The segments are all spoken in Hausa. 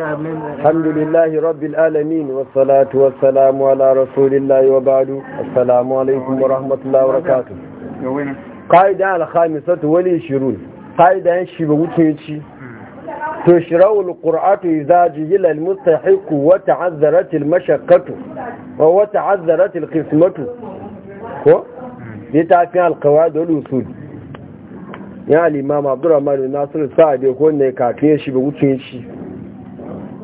الحمد لله رب العالمين والصلاة والسلام على رسول الله وبعد السلام عليكم ورحمة الله وبركاته قاعدة الخامسة والعشرون قاعدة شبوتيتي تشرع القرآن إذا جهل المستحق وتعذرت المشقة وتعذرت القسمة لتعفيها القواعد والوصول يعني ما عبد الرحمن الناصر السعدي يكون كافية شبوتيتي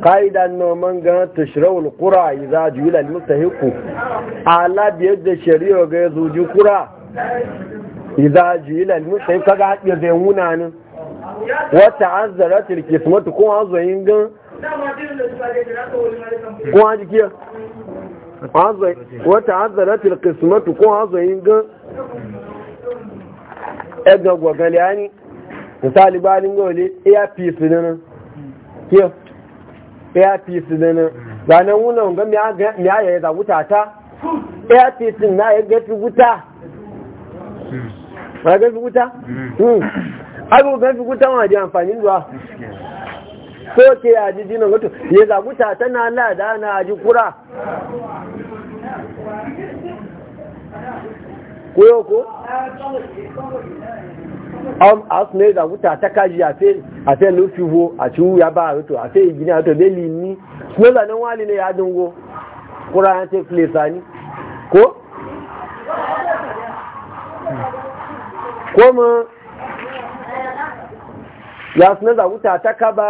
ƙa'ida noman gan tashirawar kura yi za a juyi lalmi ta hiku a labiyar da shari'a ga ya zuji kura yi za a juyi lalmi ta hiku kaga haɗe zai wuna ne wata an zara tilki su mata kuma an zoyin gan kuma e jikiya wata an zara tilki su mata kuma an zoyin gan ɗaga ya ni misali ba ni gole iya fi nínú nan o airpiece dana ranar wunan ga miya ya za wuta ta airpiece na ya gafi wuta ma gafi wuta? Hmm. Hmm. abu gafi wuta ma ji amfani zuwa so ke a ji jinan wato. ya za wuta tana lada na ji kura koyo ko? asùnmẹ́ ìdàkúta àtẹ́kájì àfẹ́ ló fi wo àti wúyà bá àrótò àfẹ́ ìgbìnà àtò lélì ní lọ́lá ní wọ́n lílẹ̀ àdúnwò kúrò ya tí fìlè sani kó kó mọ́ yasùnmẹ́ ìdàkúta àtẹ́kábà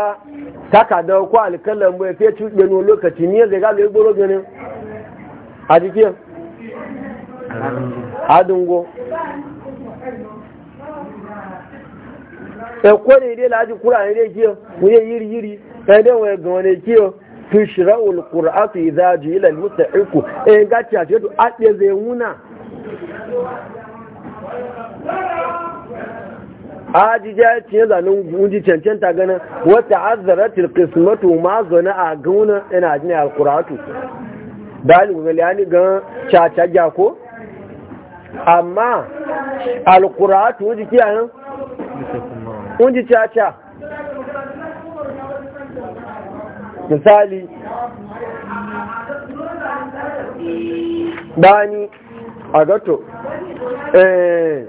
takàdà ọkọ̀ àlìkẹ́lẹ̀ mọ́ ẹ̀fẹ́ tí gbẹnu olókàtí ní ẹ̀zẹ̀ gálò ẹgbóró gẹni àdìkẹ́ àdúnwò ẹ̀kọ́ ni ilé láti kúrò àwọn ilé ọ wọ́n yẹ yírí yírí ẹ̀dẹ́ wọn ẹ̀gàn ọ fi ṣìrá olùkùrọ̀ àti ìdájú ilẹ̀ lùsẹ̀ ẹ̀kọ́ ẹ̀yìn gàtí àti ètò àpẹẹsẹ̀ wúnà. ajija ce zanen gunji cancanta wata azaratil tilkismatu ma zana a gauna ina jini alkuratu ya ni gan caca amma alkuratu a unji caca misali bani a gato eh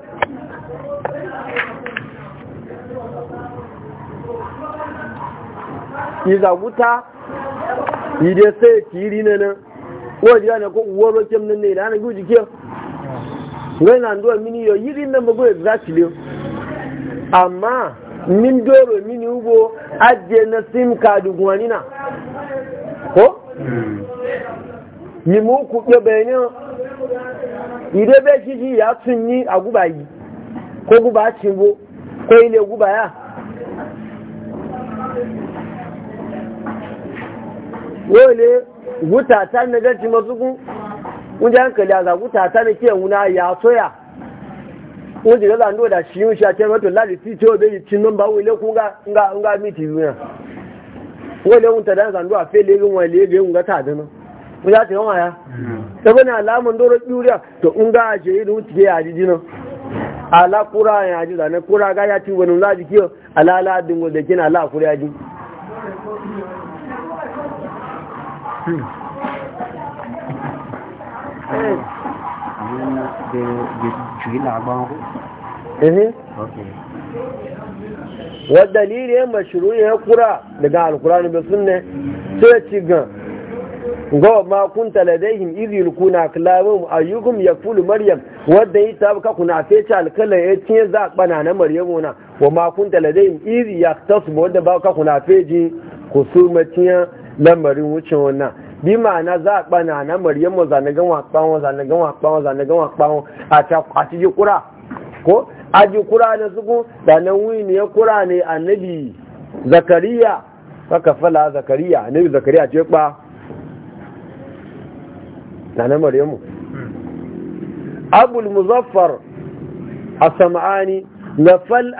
wuta yi dai sai kiri na nan wadda yana ko uwar rokin nan ne da hana guji kiyar wani na ndo mini yau yi rin nan bago ya zaci liyo amma min doro mini ugo ajiye na sim kadu gwanina ko? Hmm. mimu kuɗe bayanin ire bai kiji ya tun yi a guba yi ko guba cimbo ko ile guba ya wole gutata na gaci masu kun wajen hankali a ga gutata na ke wuna ya soya wọ́n ti lọ́la ní ọ̀dà ṣíyún ṣe àtẹ́rẹ́ tó láti tí tí ó bẹ́ẹ̀ ti nọ́mbà owó ilé kún ńgá mí ti rìn wọ́n lé ń tẹ̀dá ìsàndó àfẹ́ lé wọn ilé rẹ̀ ń gátà dáná wọ́n láti wọ́n ya tẹ́gbọ́n ní aláàmù ńdọ́rọ̀ píúrẹ́ tó ń gá àṣẹ ìlú ti yẹ àdídí náà alákúrà àyàn àjùdà ní kúrà gáyà ti wọnú láti kí aláládùn ọdẹ wa dalili ya mashiru ya kura daga alkurani ba, sunne sai ci gan ga ma kunta ladaihim idh yulkuna aklabum ayyukum yakfulu maryam wadda yi tabka kuna fece alkala ya ce za ɓana na maryamu na wa ma kunta ladaihim ya yaktasu wadda ba ka kuna feji kusumatiya lamarin wucin wannan bi ma'ana za a ɓana na maryamu zanagan kpawon zanagan kpawon zanagan kpawon a ciji kura ko a ji kura na suku sanan wuyi ne ya kura ne annabi zakariya Kaka fala zakariya annabi zakariya ce kpa na na maryamu abul muzaffar a sama'ani na fal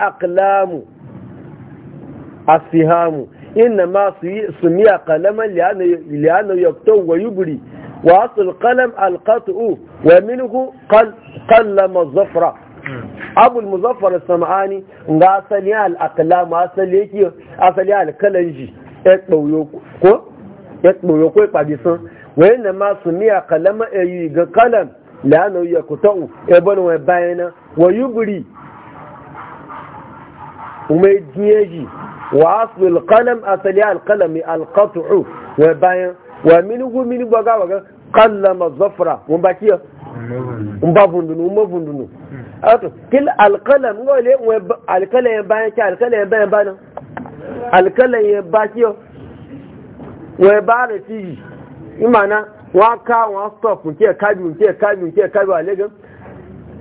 a sihamu inna ma sumiya qalaman liyana yaktaw wa yubri wa asl qalam alqat'u wa minhu qallama zafra abul muzaffar sam'ani ga asali al aqlam asali yake asali al kalanji ya dauyo ko ya dauyo ko ipabi san wa inna ma sumiya qalama ayi ga qalam liyana yaktaw e bon wa bayana wa yubri umay diyeji wa asli alqalam asali alqalam alqat'u wa bayan wa minhu min baga baga qallama zafra mun baki mun ba fundunu mun fundunu ato kil alqalam ngole alqalam bayan ki alqalam bayan bayan alqalam baki wa bare ti imana wa ka wa stop nke kaju nke kaju nke kaju alegan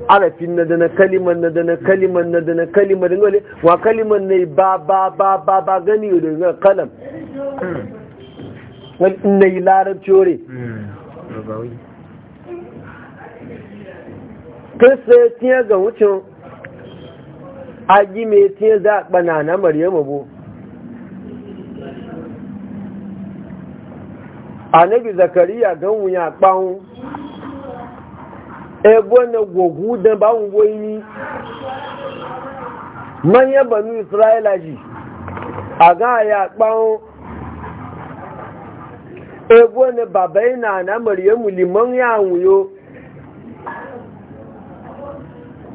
arafin na dana kalimar na dana kalimar na dana kalimar na wale wa kalimar na ba ba ba ba ba gani da ga kalam na yi larabci wore ya tiya ga wucin aji mai tiya za a banana maryama bu nabi zakariya gan wuya ɓawun ebo na gwogu da ba ngwo yi manya banu israela ji a ga ya kpawo ebo na baba ina na maryamu liman ya nwuyo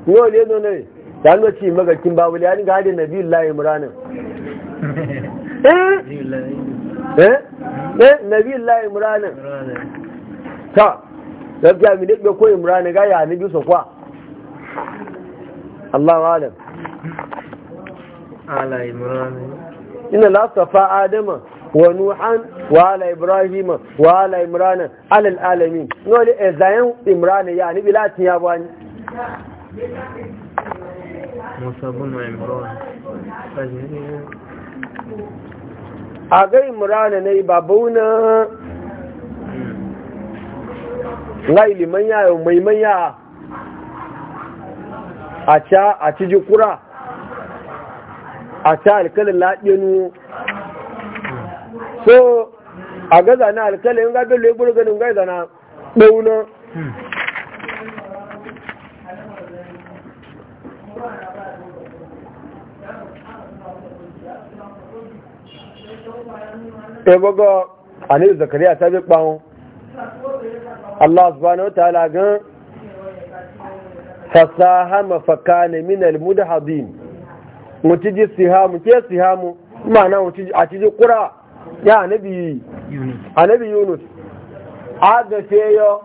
yau le no ne ta ngo ci maga kin ba wuli an ga da nabi allah imran eh eh nabi allah imran ta gaggiya mi ne ko Rana, ga ya ni biso kwa Allahu alam ala imran ina la safa adama wa nuhan wa ala ibrahim wa ala imran ala no le ezayen imran ya ni bilati ya bani musabun wa imran a ga imran ne babuna ngai liman yo mai manya a ca a ci jikura a ca alkalin laɗinu so a gaza na alkalin ga bello ya burganin gaza na ɗauna ebogo anil zakariya ta bi kpawon Allah subhanahu wataala gan fasahama fakane min almudhabin mutiji sihamu ke sihamu ma'ana mutiji a ciji kura ya anabi anabi yunus aga feyo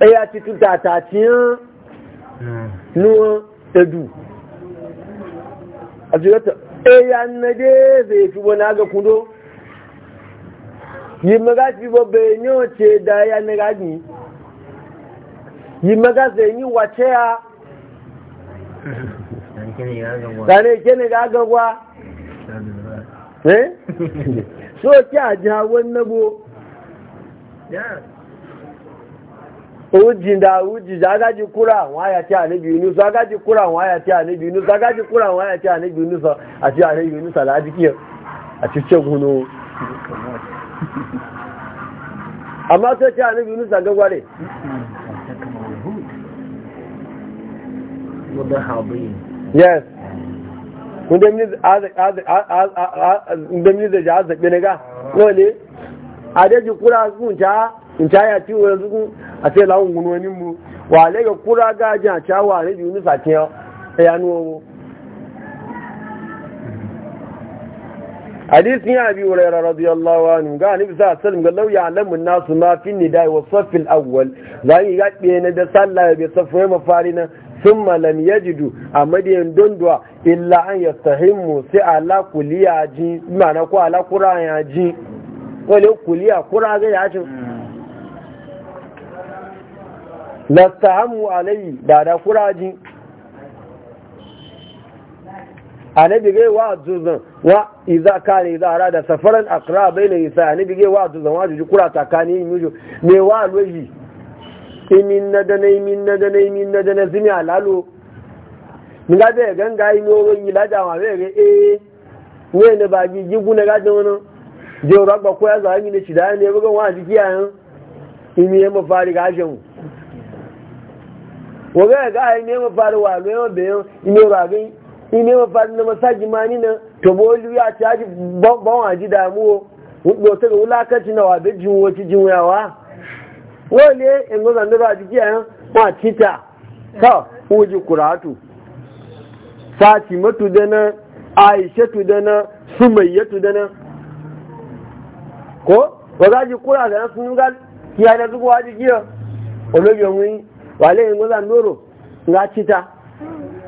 eya eh, titi tatatiyan nuwa edu a jirata eya eh, nade zai fi wani aga kudo yi maga fi babbe yau ce da ya na gani yi maga zai wace kene ga agagwa eh so ki ji hawan nabo ojì da ojì agaji kúrò àwọn àyà tí a níbi inú sọ agaji a níbi inú sọ agaji kúrò àwọn àyà tí a níbi inú sọ amma sai ce annabi yunus a gagware yes kun da mini da jihar zaɓe na ga wale a daji kura sun ca in ca ya ciwo yanzu kun a sai lawon gunonin mu wale ga kura gajin a cawa ne yunus a cewa ya nuwa hadisin ya abi hurairah radiyallahu anhu ga annabi sallallahu alaihi wasallam ga law ya'lamu an-nasu ma fi nida'i wa safil awwal zai ga na da sallah bi safu mafari na thumma lam yajidu amadiyan dondwa illa an yastahimu sai ala kuliya ji ma'ana ko ala qur'an ya ji ko le kuliya qur'an ga ya ji la tahammu alai da da qur'an ji annabi ga wa zuzan wa iza kane iza arada safaran akra bayna isa ni bige wa tu zama juju kura takani mujo me wa loji imin na da na imin na da na imin na da na zini alalo ni ga be ganga yi no yi la da ma be e ne ne ba gi gi guna ga da wono je ro agba ko ya za ni ne shida ne bugan wa jiki yan imi e mo fari ga jemu wo ga ga ne mo fari wa lo yo be imi ro agin imi mo fari na masaji mani na to bolu ya ci haji ban waji damuwa wuɗo ta ga wulakanci na wabe jinwo ci jinwayawa wale in gaza nura jiki a yan ma cita ka uji kuratu fatima tu dana aisha tu dana sumayya tu dana ko waga ji kura da sun ga kiyaye da duk waji giya wale yawon wale in gaza nuro ga cita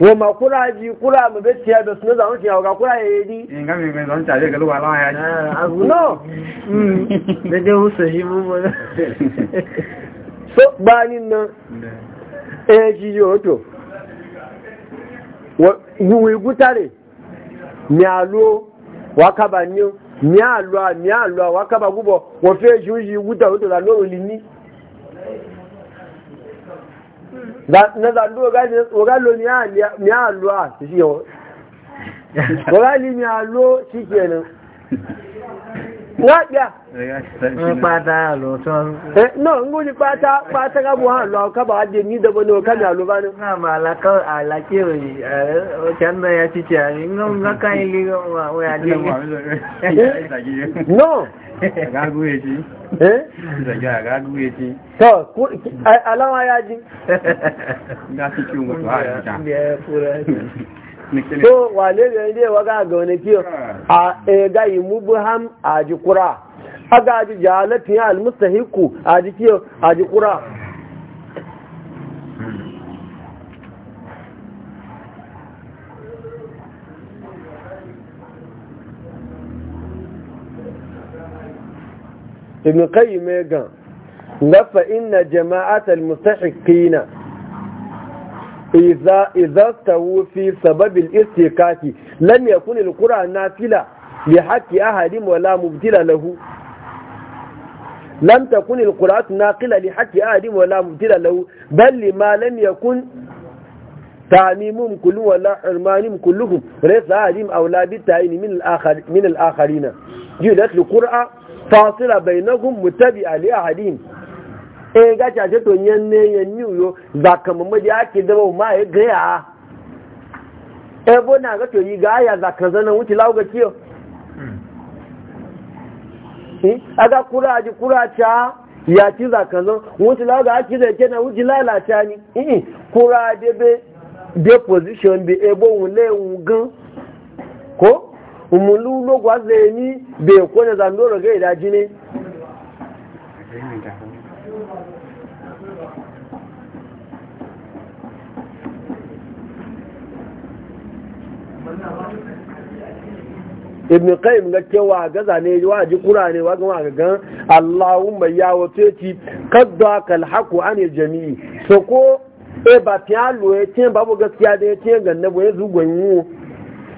wọ́n ma kúrà jí kúrà mẹ́bẹ́ tí ẹbẹ̀ sínú ìzàwọn ìṣẹ́ ọ̀gá kúrà yẹ rí ǹkan mẹ́bẹ̀ ìzàwọn ìṣẹ́ àjẹ́gẹ̀lú wà láwọn so gbá nínú ẹ̀ẹ́jì yóò tó wùwẹ̀ gútàrẹ̀ ní àlò na zando ogalo ni a lo a ti yawon ogali ni a lo shi kenan wáyà pátá lọ sọ́rọ̀ náà ń gún ní pátá pátá gábò hàn lọ kábà ájé ní ìdọ́gbọ́n ní ọkà ní àlúbá ní náà àlàkí òyì ọ̀kẹ́ náà ya títí àrí náà ń gákà ilé wọ́n àdé náà gaguye ci eh zagaya gaguye ci to alama ya ji ga su kiwon wato a yi ta to wale ga ile waga ga wani kiyo a ga yi mubuham a ji kura aga ji jalatin al mustahiku a ji ابن قيم قال نفى إن جماعة المستحقين إذا إذا استووا في سبب الاستيقات لم يكن القرآن نافلة لحق أهل ولا مبتلة له لم تكن القرآن ناقلة لحق أهل ولا مبتلة له بل لما لم يكن تعميمهم كلهم ولا حرمانهم كلهم رئيس أهل أو بالتعين من, الآخر من الآخرين جيدت القرآن fasila bainakum mutabi ali ahadin e ga ce to yan ne yan niyo ba kama mu da ake da ma ya ga ebo na bona ga to yi ga ya za ka zana wuce lawo ga kiyo aga kura ji kura cha ya ci za ka zo wuce lawo ga ake da ke na wuce lalata ni eh kura de be de position bi ebo bo wun le wun gan ko umulu lo gwaze ni be ko ne zan doro kai idaji ne ibn qayyim ga cewa gaza ne wa ji qur'ani wa ga ga Allahumma ya wato ci kadda kal haqu an jami'i so ko e ba ti alu e tin babu gaskiya da e tin ganna bo yanzu gwanyo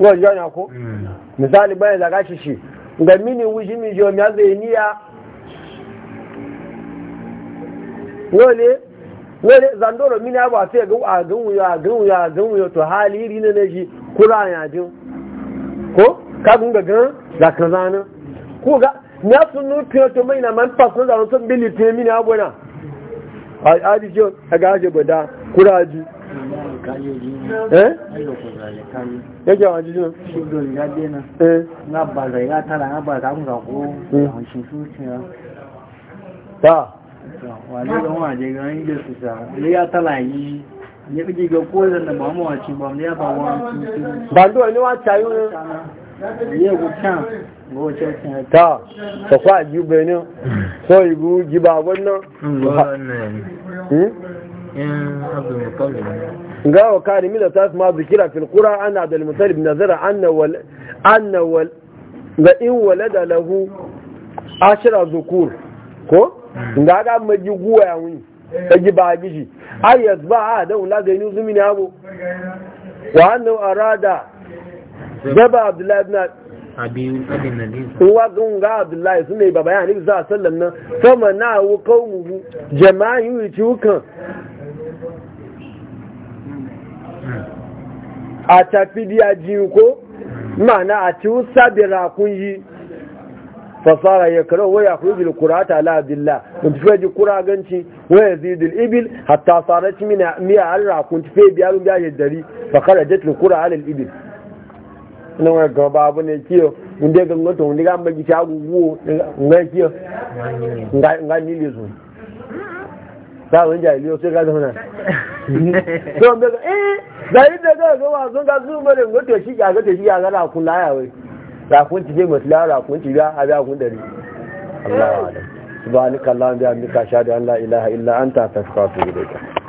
wọ́n jọ yàn hmm. misali bayan zaga shi shi ga mini wuji mi jo miya zai niya wole wole zandoro mini abu a fiye a ganwuyo a ganwuyo a ganwuyo to hali iri na na shi kura ya jin ko kagun ga gan zaka zana ko ga na sun nufi to mai na man fasu da sun bilite mini abu na a ajiyo a gaje bada ji. eh yake wa jijin shigon ya dena eh. na ba ya tara na ba zamu zako eh. a shi zuciya ta wale don waje ga yin su sa ne ya tara yi ne kike ga ko da ba mu wace ba ne ya ba wa ba do ne wa tayo ne ya gutan ta ta fa ji benin so igu ji ba wannan wannan eh hmm? abdul mutallib ga wa kani mina ma zikira fil ana abdul mutalib nazara anna ga in wale da lahu ashra zukur ko ga ga maji guwa ya wuni kaji ba a gishi ay ba a da wala ga ni zumini abu wa anna arada zaba abdullah ibn abin abin nabi wa gunga abdullahi sunai baba ya nabi sallallahu alaihi wasallam nan sama na wu qaumu jama'in yuci hukan a tafi diya jiyu ko ma'ana a ci sabira rakun yi fasara ya kira waya ku yi kurata ta abdullah in ci fai kura ganci waya zidul ibil hatta sarat mina miya an rakun ci fiye biyarun biya ya dari fa kharajat al kura ala al ibil ina waya gaba abu ne kiyo inda ga ngoto inda ga magi shagu wo nga kiyo nga nga nilizo sa wanja iliyo sai ga zona don daga eh zai da ga ga wazo ga zu mare wato shi ga ga shi ga na kun laya wai da kun ci je mutla da kun ci ga abia kun dare Allahu akbar subhanaka allahumma bihamdika ashhadu an la ilaha illa anta astaghfiruka wa atubu ilayk